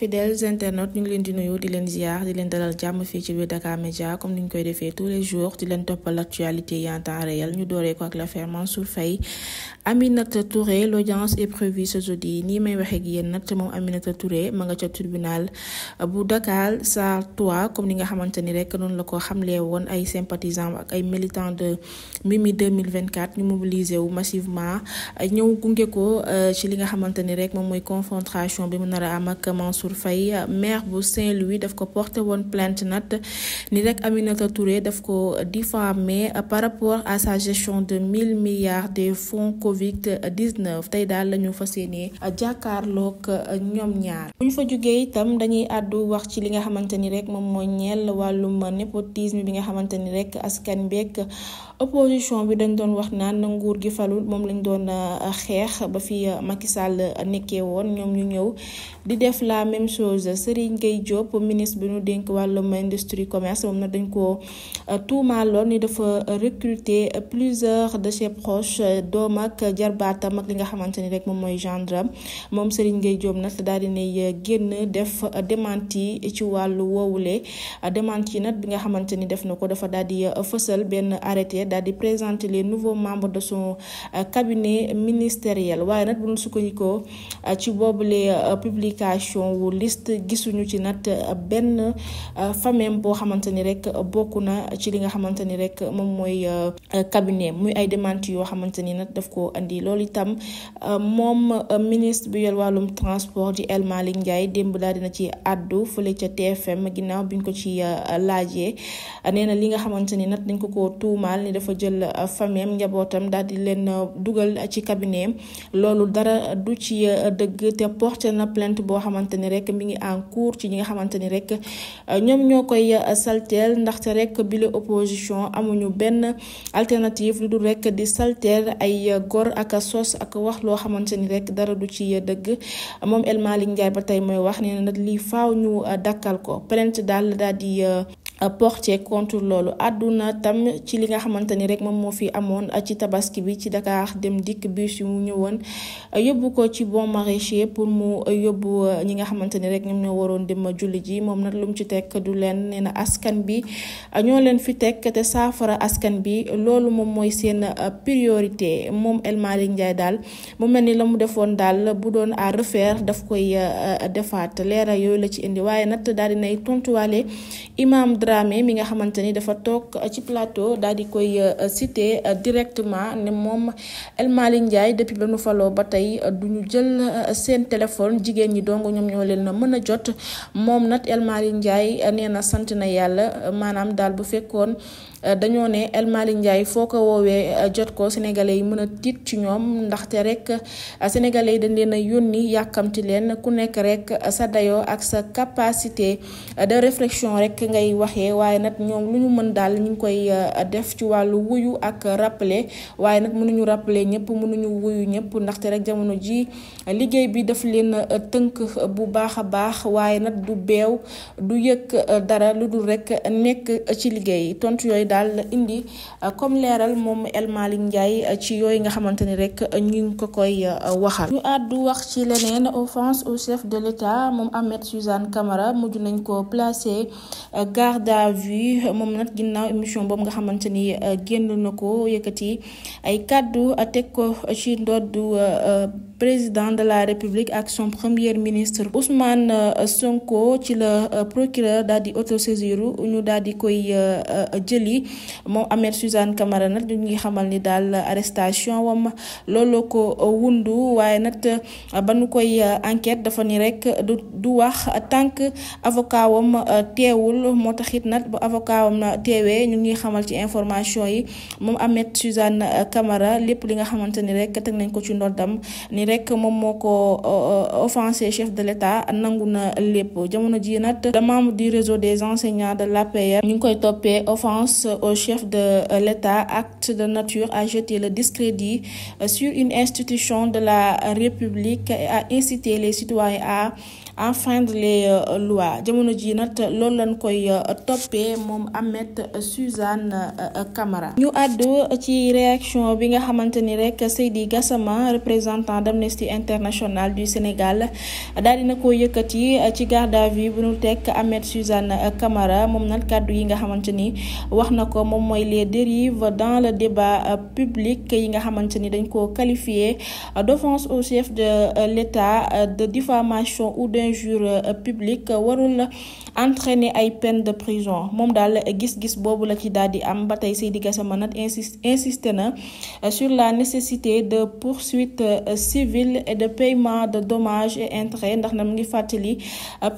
fidèles internautes ñu ngi leen di nuyu di leen ziar di leen dalal jàmm fii ci biir Dakar Média comme ni koy defee tous les jours di leen toppal actualité yi en temps réel ñu dooree ko ak l'affaire Mansour Faye Aminata Touré l'audience est prévue ce jeudi nii may waxee ak yéen nag moom Aminata Touré ma nga ca tribunal bu Dakar Sarr 3 comme ni nga xamante ni rek noonu la ko xamlee woon ay sympathisants ak ay militants de Mimi 2024 ñu mobilisé wu massivement ñëw gunge ko euh, ci li nga xamante ni rek moom mooy confrontation bi mu nar ama am ak Mansour Faye maire bu Saint-Louis daf ko porté woon plainte nag ni rek Aminata Touré daf ko diffamé par rapport à sa gestion de 1000 milliards Covid 19 tey daal lañu fa ñu fas yéenee jàkkaarloog uh, ñoom ñaar bu ñu fa jugee itam dañuy àddu wax ci li nga xamante ni rek moom mooy ñeel wàllum népotisme bi nga xamante ni rek askan beeg opposition bi dañ doon wax naan nguur gi falul moom lañ doon ah, xeex ba fi ah, Macky Sall ah, nekkee woon ñoom ñu ñëw di def la même chose Serigne ngay Diop ministre bi ñu dénk wàllum industrie commerce moom na dañ ko tuumaaloon ni dafa recruter plusieurs de ses proches doom ak jarbaatam ak li nga xamante ni rek moom mooy gendarme moom Serigne Gueye Diop nag daal di nay génn def démenti ci wàllu woowule démenti nag bi nga xamante ni def na ko dafa daal di fësal benn arrêté. daal di présenter les nouveaux membre de son euh, cabinet ministériel waaye nag bu ñu sukkandikoo euh, ci boobule euh, publication wu liste gisuñu ci nag benn famem boo xamante ni rek bokk na ci li nga xamante ni rek moom mooy cabinet muy ay demandes yoo xamante ni nag daf ko andi loolu itam moom ministre bi yor wàllum transport di El Malick démb daal dina ci àddu fële ca TFM ginnaaw biñ ko ci laajee nee na li nga xamante ni dañ ko ko tuumaal dafa jël euh, famem njabootam daal di leen euh, dugal ci cabinet loolu dara du ci euh, dëgg te porté na plainte boo xamante ni rek mi ngi en cours ci ñi nga xamante ni rek ñoom ñoo koy salteel ndaxte rek bi la opposition amuñu benn alternative lu dul rekk di salteel ay góor ak sos ak wax loo xamante ni rek dara du ci dëgg moom El Malick Ndiaye ba tey mooy wax nee na nag lii faaw ñu dakkal ko plainte daal daal di porté contre loolu àdduna tam ci li nga xamante ni rek moom moo fi amoon ci tabaski bi ci Dakar dem dikk bus yu mu ñëwoon yóbbu ko ci bon maraîcher pour mu yóbbu euh, ñi nga xamante ni rek ñoom ñoo waroon dem julli ji moom nag lu mu ci teg du leen nee na askan bi euh, ñoo leen fi teg te saafara askan bi loolu moom mooy seen euh, priorité moom El Malick Ndiaye daal mu mel ni la mu defoon daal bu doon à refaire daf koy defaat leera yooyu la ci indi waaye nag daal dinay tontuwaale imam Dramé Dramé mi nga xamante ni dafa toog euh, ci plateau daal di koy euh, euh, cité directement ne moom El Malick depu depuis ba nu falo ba tey du ñu jël seen téléphone jigéen ñi dong ñoom ñoo leen mën a jot moom nag El Malick Ndiaye nee na sant na yàlla maanaam daal bu fekkoon. Euh, dañoo ne El Malick Ndiaye foo ko woowee euh, jot ko sénégalais yi mën a tiit ci ñoom ndaxte rek euh, sénégalais yi dañ leen a yónni yàkkamti leen ku nekk rek sa dayoo ak sa capacité de réflexion rek ngay waxee waaye nag ñoom lu ñu mën daal ñu ngi koy def ci wàllu wuyu ak rappeler waaye nag mënuñu rappeler ñëpp mënuñu wuyu ñëpp ndaxte rek jamono ji liggéey bi daf leen tënk bu baax a baax waaye nag du beew du yëg dara lu dul rek nekk ci liggéey tontu yooyu daal la indi euh, comme leeral moom El Malick Ndiaye euh, ci yooyu nga xamante ni rek euh, ñu ngi ko koy waxal. ñu àddu wax ci leneen france au chef de l'État moom Ahmed Suzanne Camara mujj nañ ko placé garde à vue moom nag ginnaaw émission boobu nga xamante ni génn na ko yëkkati ay kàddu teg ko ci ndoddu président de la république ak son premier ministre Ousmane Sonko ci la procureur daal di autosaisiru ñu daal koy jëli moom Ahmed Suzanne Camara nag ñu ngi xamal ni daal arrestation wam looloo ko wundu waaye nag ba nu koy enquête dafa ni rek du du wax tànk avocat wam euh, teewul moo nag bu na teewee ñu ngi xamal ci information yi moom Ahmed Suzanne Camara lépp li nga xamante ni rek teg nañ ko ci ndoddam ni rek moom moo ko euh, offensé chef de l'État nangu na lépp jamono ji nag membre du réseau des enseignants de la l'APR ñu ngi koy toppee offense annonce au chef de euh, l'État, acte de nature à jeter le discrédit euh, sur une institution de la République et à inciter les citoyens à enfreint les euh, lois jamono ji nag loolu lañ koy euh, toppee moom Ahmed Suzanne euh, Camara ñu àddu ci réaction bi nga xamante ni rek Seydi Gassama représentant d'Amnesty International du Sénégal daal dina ko yëkkati ci garde à vue bu ñu teg Ahmed Suzanne Camara moom nag kàddu yi nga xamante ni wax na ko moom mooy les dérives dans le débat publique yi nga xamante ni dañ ko qualifié d'offense au chef de l'État de diffamation ou de injure euh, publique warul entraîner ay peine de prison moom daal gis-gis boobu la ci daal di am ba tey Seydi Gassama a insiste insisté na euh, sur la nécessité de poursuite euh, civile et de paiement de dommage et intérêts ndax na mu ngi fàttali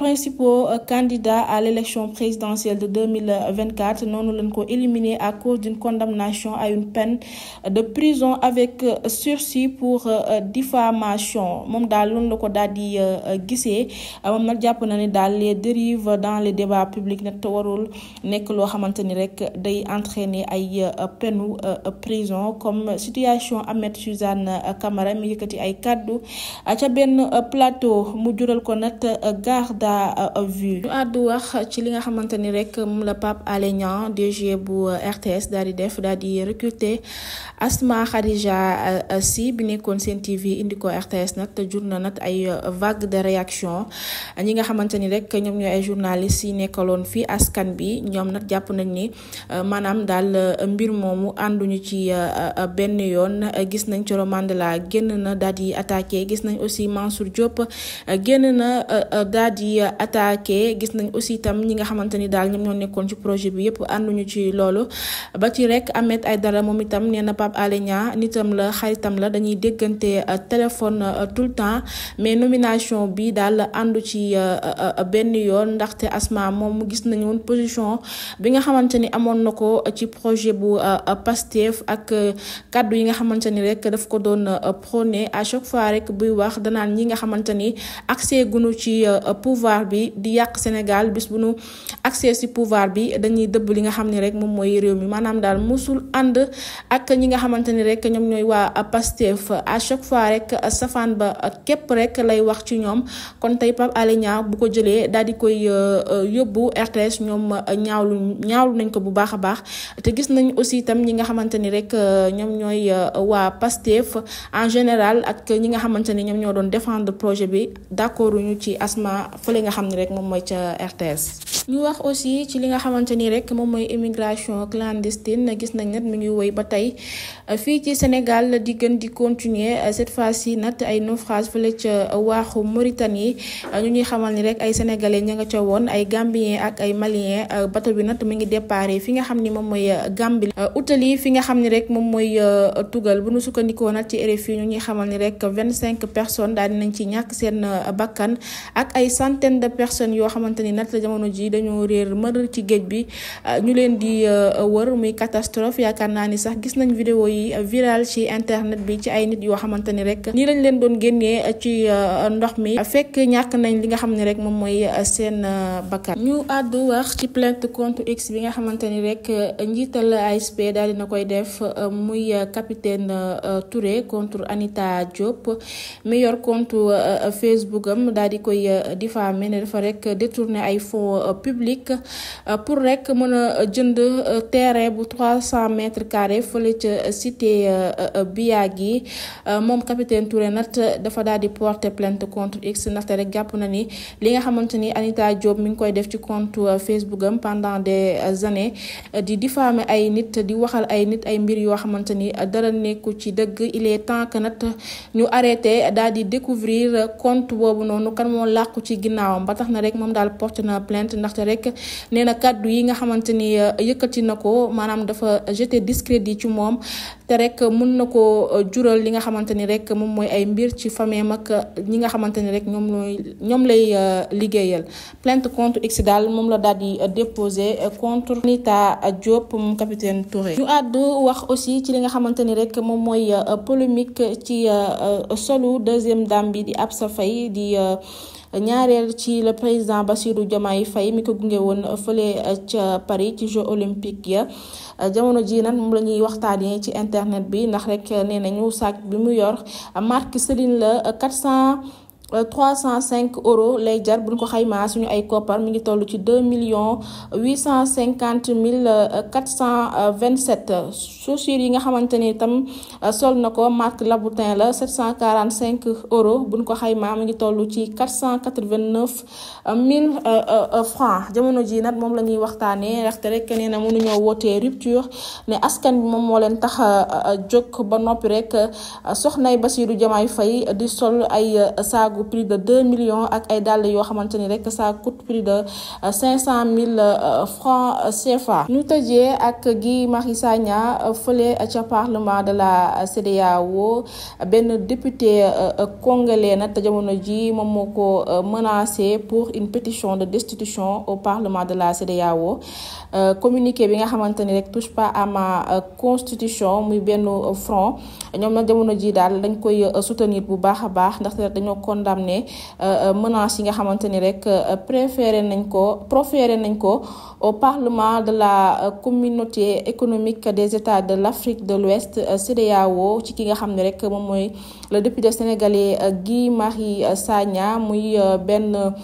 principaux candidats à l'élection présidentielle de 2024 noonu lañ ko éliminé à cause d'une condamnation à une peine de prison avec sursis pour diffamation moom daal loolu la ko daal di gisee moom nag jàpp na ni daal les dérives dans le débat publics nag te warul nekk loo xamante ni rek day entraîner ay euh, penu euh, prison comme situation Ahmed Suzanne euh, Camara mi yëkkati ay kàddu ca benn plateau mu jural ko nag garde à vue ñu àddu wax ci li nga xamante ni rek moom la Pape Alé Niang DG bu RTS dal di def daal di recruter Asma Khadija Sy bi nekkoon Sen TV indi ko RTS nag te jur na nag ay vague de réaction ñoom ñi nga xamante ni rek ñoom ñooy ay journalistes yi nekkaloon fii askan bi ñoom nag jàpp nañ ni euh, maanaam daal euh, mbir moomu ànduñu ci euh, benn yoon gis nañ Coro Mandela génn na daal di attaqué gis nañ aussi Mansour Diop génn na daal di attaqué gis nañ aussi itam ñi nga xamante ni daal ñoom ñoo nekkoon ci projet bi yëpp ànduñu ci loolu ba ci rek Ahmed dara moom itam nee na Pape Alé Niang nitam la xaritam la dañuy déggante téléphone tout le temps mais nomination bi daal àndu ci euh, euh, euh, benn yoon ndaxte Asma moom gis nañu woon position bi nga xamante ni amoon na ko ci projet bu Pastef ak kàddu yi nga xamante ni rek daf ko doon prôné à chaque fois rek buy wax danaan ñi nga xamante ni accès gunu ci pouvoir bi di yàq Sénégal bis bu si pouvoir bi dañuy dëbb li nga xam ni rek moom mooy réew mi maanaam daal musul ànd ak ñi nga xamante ni rek ñoom ñooy waa Pastef à chaque fois rek safaan ba képp rek lay wax ci ñoom kon tey Pape bu ko jëlee daal di koy euh, euh, yóbbu RTS ñoom euh, ñaawlu ñaawlu nañ ko bu baax a baax te gis nañ aussi itam ñi nga xamante ni rek ñoom ñooy waa Pastef en général ak ñi nga xamante ni ñoom ñoo doon défendre projet bi d'accord ñu ci asma fële nga xam ne rek moom mooy ca RTS. ñu ci li nga xamante ni rek moom mooy immigration clandestine gis nañ nag mu ngi woy ba tey fii ci Sénégal di gën di continuer cette fois yi nag ay naufrage fële ca waaxu Mauritanie. Euh, ñu ñuy xamal ni rek ay sénégalais ña nga ca woon ay gambien ak ay malien euh, bato bi nag mi ngi déparé fi nga xam ni moom mooy euh, Gambie utali fi nga xam ni rek moom mooy tugal bu nu sukkandikoo nag ci RFI ñu ñuy xamal ni rek vingt cinq personnes daal dinañ ci ñàkk seen bakkan ak ay centaine de personnes yoo xamante ni nag jamono ji dañoo réer mër ci géej bi ñu leen di wër muy catastrophe yaakaar naa ni sax gis nañ vidéo yi viral ci internet bi ci ay nit yoo xamante ni rek nii lañ leen doon génnee ci ndox mi ñàkk nañ li nga xam ne rek moom mooy euh, seen euh, bakkan ñu àddu wax ci plainte contre X bi nga xamante ni rek euh, njiital ay ASP daal na koy def muy capitaine Touré contre Anita Diop mi yor compte Facebook am daal di koy diffamé ne dafa rek détourné ay fonds publics pour rek mën a jënd terrain bu trois cent mètres carrés fële ca cité Biagui moom capitaine Touré nag dafa daal di porter plainte contre X ndaxte rek jàpp na ni li nga xamante ni Anita Diop mi ngi koy def ci compte euh, Facebook am pendant des euh, années euh, di diffamer ay nit di waxal ay nit ay mbir yoo xamante ni dara nekku ci dëgg il est que nag ñu arrêté daal di découvrir compte boobu noonu kan moo làqu ci ginnaawam ba tax na rek moom daal porte na plainte ndaxte rek nee na kàddu yi nga xamante ni yëkkati na ko maanaam dafa jeté discrédit ci moom te rek mun na ko jural li nga xamante ni rek moom mooy ay mbir ci famille ñi nga xamante rek ñoom looy lay ñoom lay euh, liggéeyal plainte contre X daal moom la daal di euh, déposé euh, contre Nita Diop moom capitaine Touré. ñu àddu wax aussi ci li nga xamante ni rek moom mooy polémique ci solu deuxième dame bi di ab Absa Faye di. ñaareel ci le président Bassirou Diomaye Faye mi ko gunge woon fële ca Paris ci Jeux olympiques ya jamono ji nag moom lañuy ñuy waxtaanee ci internet bi ndax rek nee nañu sac bi mu yor marque Celine la Euh, trois cent cinq euros lay jar buñ ko xaymaa suñu ay koppar mi ngi toll ci deux millions huit cent cinquante mille euh, quatre cent euh, vingt sept chaussures yi nga xamante ni itam sol na ko marque Laboutin la sept cent quarante cinq euros buñ ko xaymaa mi ngi toll ci quatre cent quatre vingt neuf mille francs jamono ji nag moom la ñuy waxtaanee ndaxte rek nee na mënuñoo wootee rupture ne askan bi moom moo leen tax a jóg ba noppi rek soxnay Bassirou Diomaye Faye di sol ay saago saagu prix de deux millions ak ay dàll yoo xamante ni rek ça coûte prix de 500 euh, 000 euh, francs CFA. ñu tëjee ak Guy Marius Sagna euh, fële ca parlement de la CEDEAO benn député congolais te jamono ji moom moo ko menacé pour une pétition de destitution au parlement de la CEDEAO communiqué bi nga xamante ni rek touche pas à ma constitution muy benn front. ñoom nag jamono ji daal dañ koy euh, soutenir bu baax a baax ndaxte rek dañoo condamné euh, euh, menaces yi nga xamante ni rek préféré nañ ko proféré nañ ko au parlement de la communauté économique des états de l'Afrique de l'Ouest CEDEAO ci ki nga xam ni rek moom mooy le député sénégalais euh, Guy Marie euh, Sagna muy euh, benn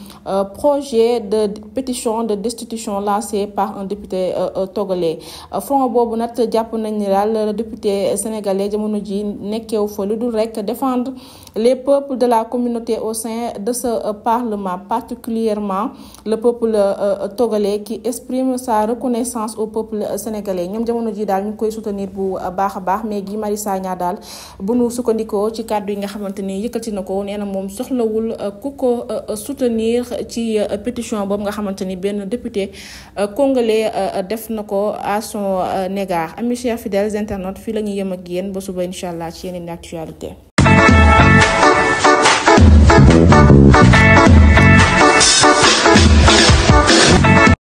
projet de pétition de destitution lancé par un député togolais front boobu nag jàpp nañ ni daal le député sénégalais jamono ji nekkeew fa lu dul rek défendre les peuples de la communauté au sein de ce parlement particulièrement le peuple togolais qui exprime sa reconnaissance au peuple sénégalais ñoom jamono ji daal ñu koy soutenir bu baax a baax mais Guy Marie Sagna daal bu nu sukkandikoo ci kàddu yi nga xamante ni yëkkati na ko nee na moom soxlawul euh, ku ko euh, euh, soutenir ci pétition boobu nga xamante ni benn député congolais def na ko à son égard amis chers fidèles internautes fii la ñuy yem ak yéen ba suba incha allah ci yeneen actualité